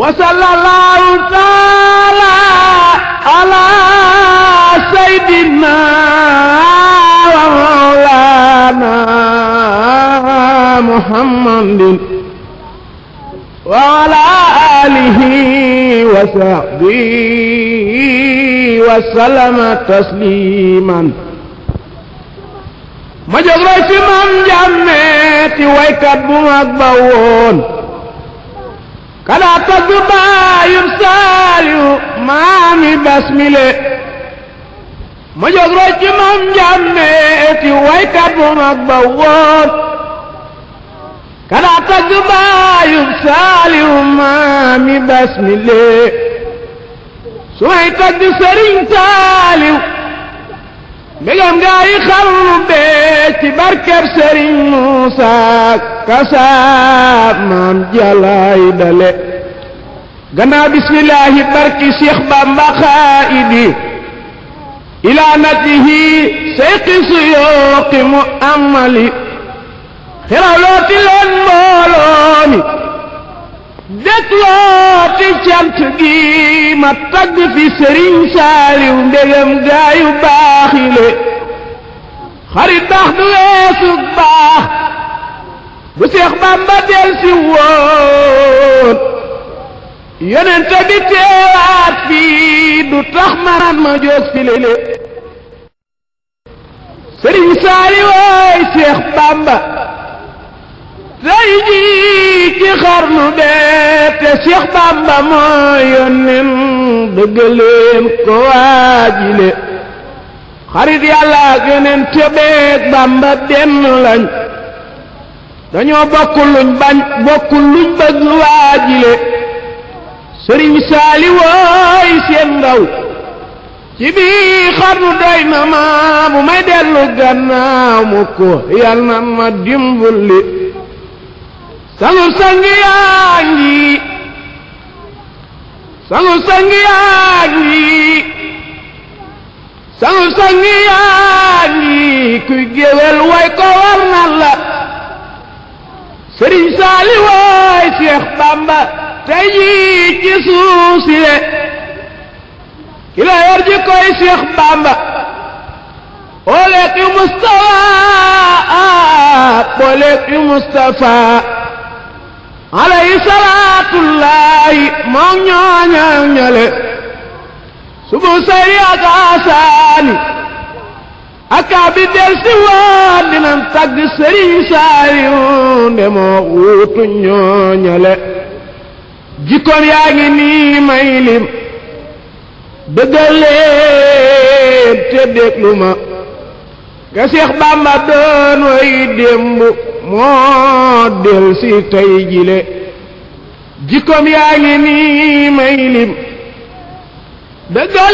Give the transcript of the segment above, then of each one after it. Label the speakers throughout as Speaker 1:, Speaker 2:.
Speaker 1: وصلى الله تعالى على سيدنا ومولانا محمد وعلى آله وصحبه وسلم تسليما ما جرى من جمعتي ويكبوا أكبرون kala tagg baayub saaliyu maami basmile ma jóg roy ci mam njàmme ti waykat bu mag ba woon kala tagg baayub saaliyu maami basmile su may tagg sëriñ saaliyu بقام قاي خربيت بركب سرين موسى كساب من جلاي دلي قنا بسم الله بركي شيخ بامبا خائدي إلى نته سيقي سيوق مؤملي خلالات مولوني dëklooti cant gi ma tagg fi sëriñ saaliw ndegam gaayu baaxile xarit baax du weesu baax bu seex bamba del si woon yonente bi teewaat fii du tax manaan ma jóg fi lele sëriñ saaliw ooy seex bamba tey jii ci xarnu bee te Cheikh Bamba mooy yónneen dëgg ko waajile xarit yàlla geneen tëbeeg Bamba benn lañ dañoo bokk luñ bañ bokk luñ bëgg waajile sëriñ saali wooy seen ndaw ci bii xarnu doy na ma may dellu gannaaw mu ko yàlla na ma dimbali sanu sang yaa ngi sanu sang yaa géwél way ko war na la saali way seex bamba te yii ci suuf si le koy seex bamba oo yu mustafa oo yu mustafa alay salaatullaahi moom ñooña ñale subu ak asaani ak abi del si waat dinañ tagg sëriñ saaliyu nde moo wuutu ñooñale yaa ngi nii may lim leen te déglu ma nga doon way démb moo del si tey jile jikkoom yaa ngi nii may lim ma ka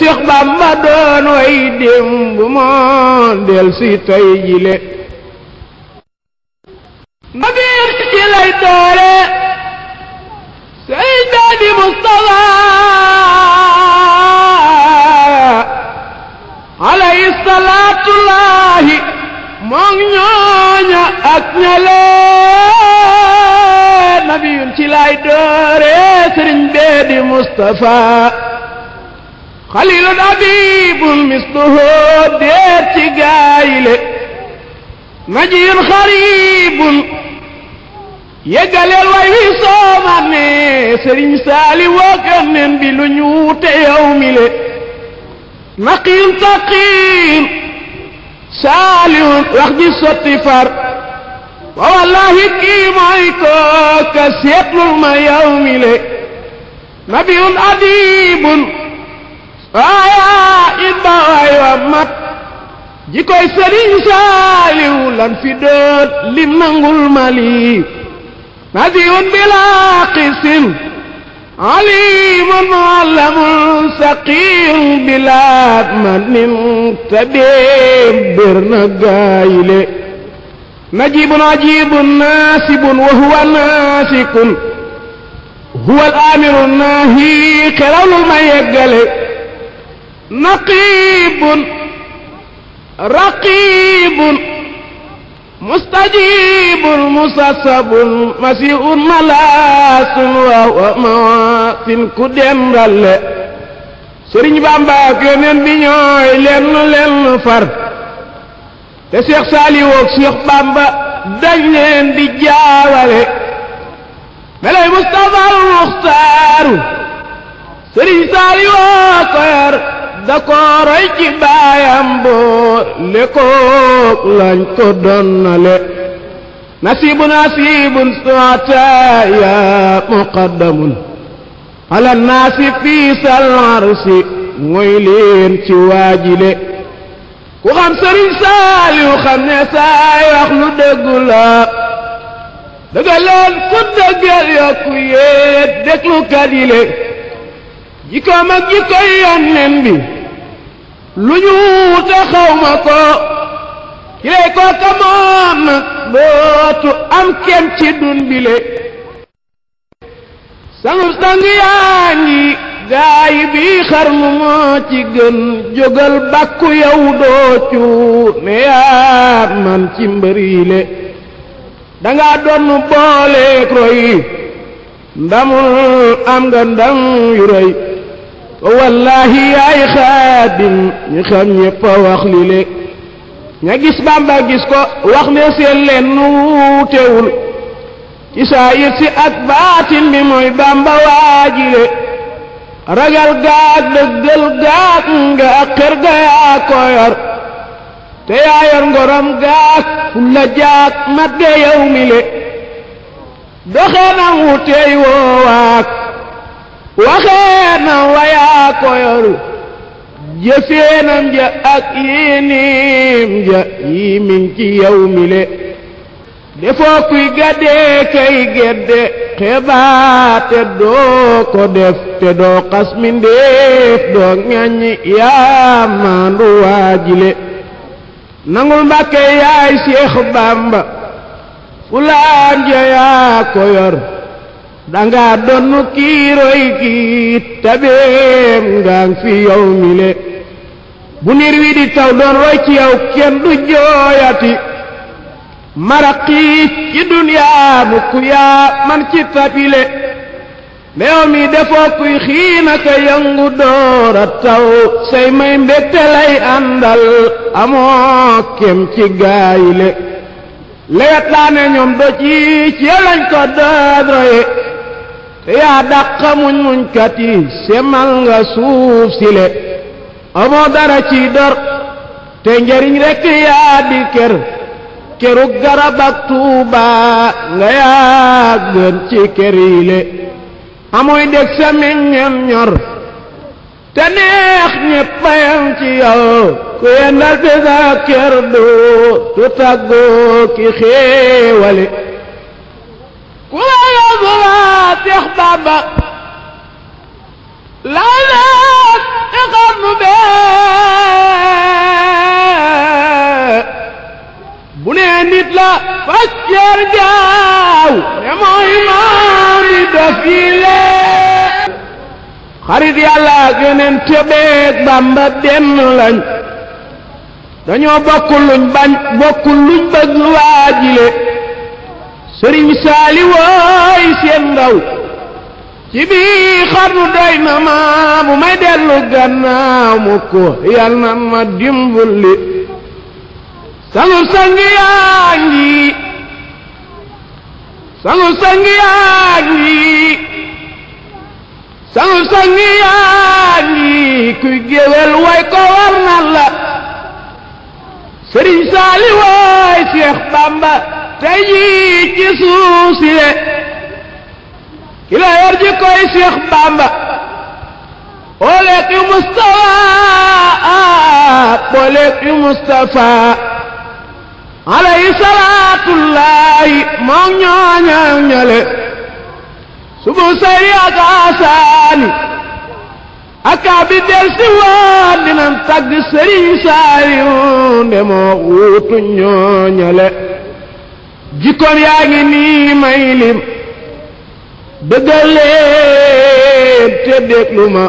Speaker 1: Seex Bamba doon way démb moo si tey jile ba biir ci lay doore Illaahi moom ñooña ak ñaleen nabiyun ci laay doore sëriñ bee di Mustapha xalilun abibun misluhu deet ci gaayile najiyun xaribun yëggaleel way wi sooman ne sëriñ saali wookan nen bi lu ñuute yow mi le naqiyun saalihun wax ji sotti far wa wallahi kii mooy kooka seetlul ma yow mi le nabiyun adibun waayaa it ba waay wa mat ji koy sëriñ saaliw li nangul ma lii nabiyun bilaa عليم علم سقيم بلاد من تبيب برنا قايل نجيب عجيب ناسب وهو ناسك هو الآمر الناهي كلون ما يقل نقيب رقيب mustajibul musassabul masiihul malaasun wa mawaatin ku dendalle sëriñ Bamba ak bi ñooy lenn lenn far te Cheikh Saliou ak Cheikh Bamba dañ di jaawale melay Mustafaa al Muxtaaru sëriñ Saliou ko da ko roy ci bo le ko lañ ko donale nasibun nasibun suata ya muqaddamun ala nasi fi sal arsi moy leen ci wajile ku xam sal yu xam ne saay wax lu dëggu la daga leen ku dëggal yokku ya kadile jikoom ak jikoy yonnen bi lu ñu wute xawma ko kilay kooka moom dootu am kenn ci dun bile sangub sang yaa ngi gaay bi xarnu moo ci gën jógal bàkku yow doocu ne yaa man ci mbërile danga doon booleek roy ndamul am nga ndam yu roy wallahi yaay xaadim ñi xam ñëpp a wax li ña gis bamba gis ko wax ne seen leen nu wuutewul ci saayir si ak baatin bi mooy bamba waajile ragal gaag dëggal gaag nga ak xër ga yaa ko te yaa ngorom gaag fulla jaag mat ga le doxee na wuuteey woowaak waxe yaa ja ak yéenéem ja yi min ci yow mile defoo kuy gàddee kay gedde xebaate doo ko def te doo xas mindéef doo ŋàññi yaa maandu waajile nangul mbàkke yaay Seex Bàmba fulaan ja yaa ko yor danga donnu kii roy kii tabeem ngaa fi yow mile bu niir taw doon roy ci yow kenn du jooyati maraqi ci duniyaa ku yaa man ci tapile meew mi defoo kuy xiina ka yëngu doora taw say may mbégte lay àndal ci gaayile lewet laa ne ñoom do ci ko dood roye yaa dàqa muñ muñkat yi semal nga suuf sile amoo dara ci dor te njëriñ rekk yaa di kër kërug garab ak tuuba nga yaa gën ci kër yi le amuy dég sa meññeem ñor te neex ñëpp yam ci yow ku yendal bi sa kër du tu tàggoo ki xéewale حضرات اخضم لعنات اخضم بني نيت لا فكر جاو يا امام دفيله
Speaker 2: xarit yàlla ak yeneen
Speaker 1: tébeeg bamba benn lañ dañoo bokk luñ bañ bokk luñ bëgg waajile sëriñ saali wooy seen ndaw ci bii xarnu doy na ma may dellu gannaaw mu ko yal na ma dimbali sangu sang yaa ngi sangu sang yaa ngi sangu sang yaa ngi way ko war na la sëriñ saali wooy Seex Bamba tey ci suuf si le ki la yor ji koy Seex Bàmba oleeki Mustafa boleeki Mustafa alayhi salaatullaahi moom ñooñal ñale subu say ak asaani ak abi del si waan dinañ tagg Sëriñ Saaliw ndemoo wuutu ñooñale jikkoom yaa ngi nii may lim leen te déglu ma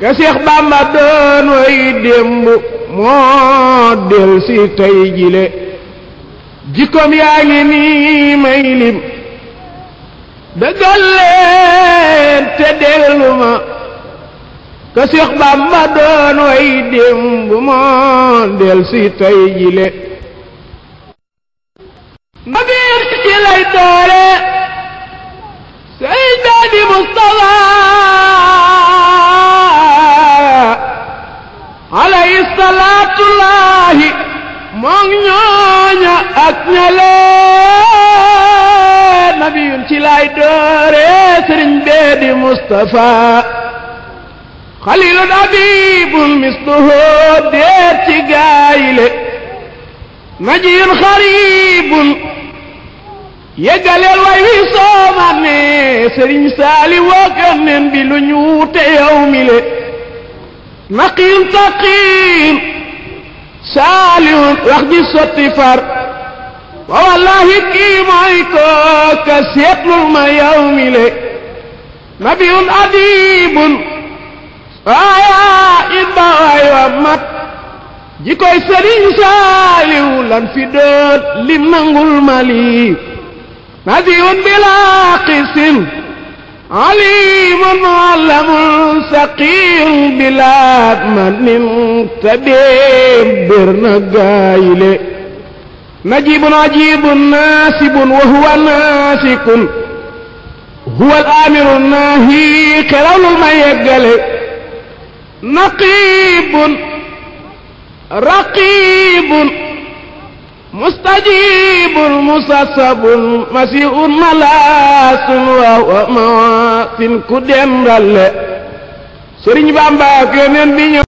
Speaker 1: ga Seex Bàmba doon way démb del si tey jile jikkoom yaa ngi nii may lim leen te déglu ma ga Seex Bàmba doon way démb del si tey jile mbëggeel ci lay doore Seydina Mustafa alayhi salaatullahi moom ñooña ak ñalee nabiyun ci lay doore sëriñ bee di Mustafa xalilun abibun misluhu deet ci gaayile مجي غريب يقال الله يصوم سرين سالي وكنن بلونيوت يومي لي نقيم تقيم سالي وخدي ستفر والله كيما يكوك سيطل ما يومي لي نبي أديب آيا إبا ومت jikoy sëriñ saaliw lan fi doot li nangul mali nadiun bila qisim عليم علم سقيم بلاد من برنا قايل نجيب نجيب ناسب وهو ناسك هو الآمر الناهي كلون ما يقلي نقيب رقيب مستجيب مسسب مسيء ملاس وهو مواطن كدم رل سرين بامبا كنن بنيو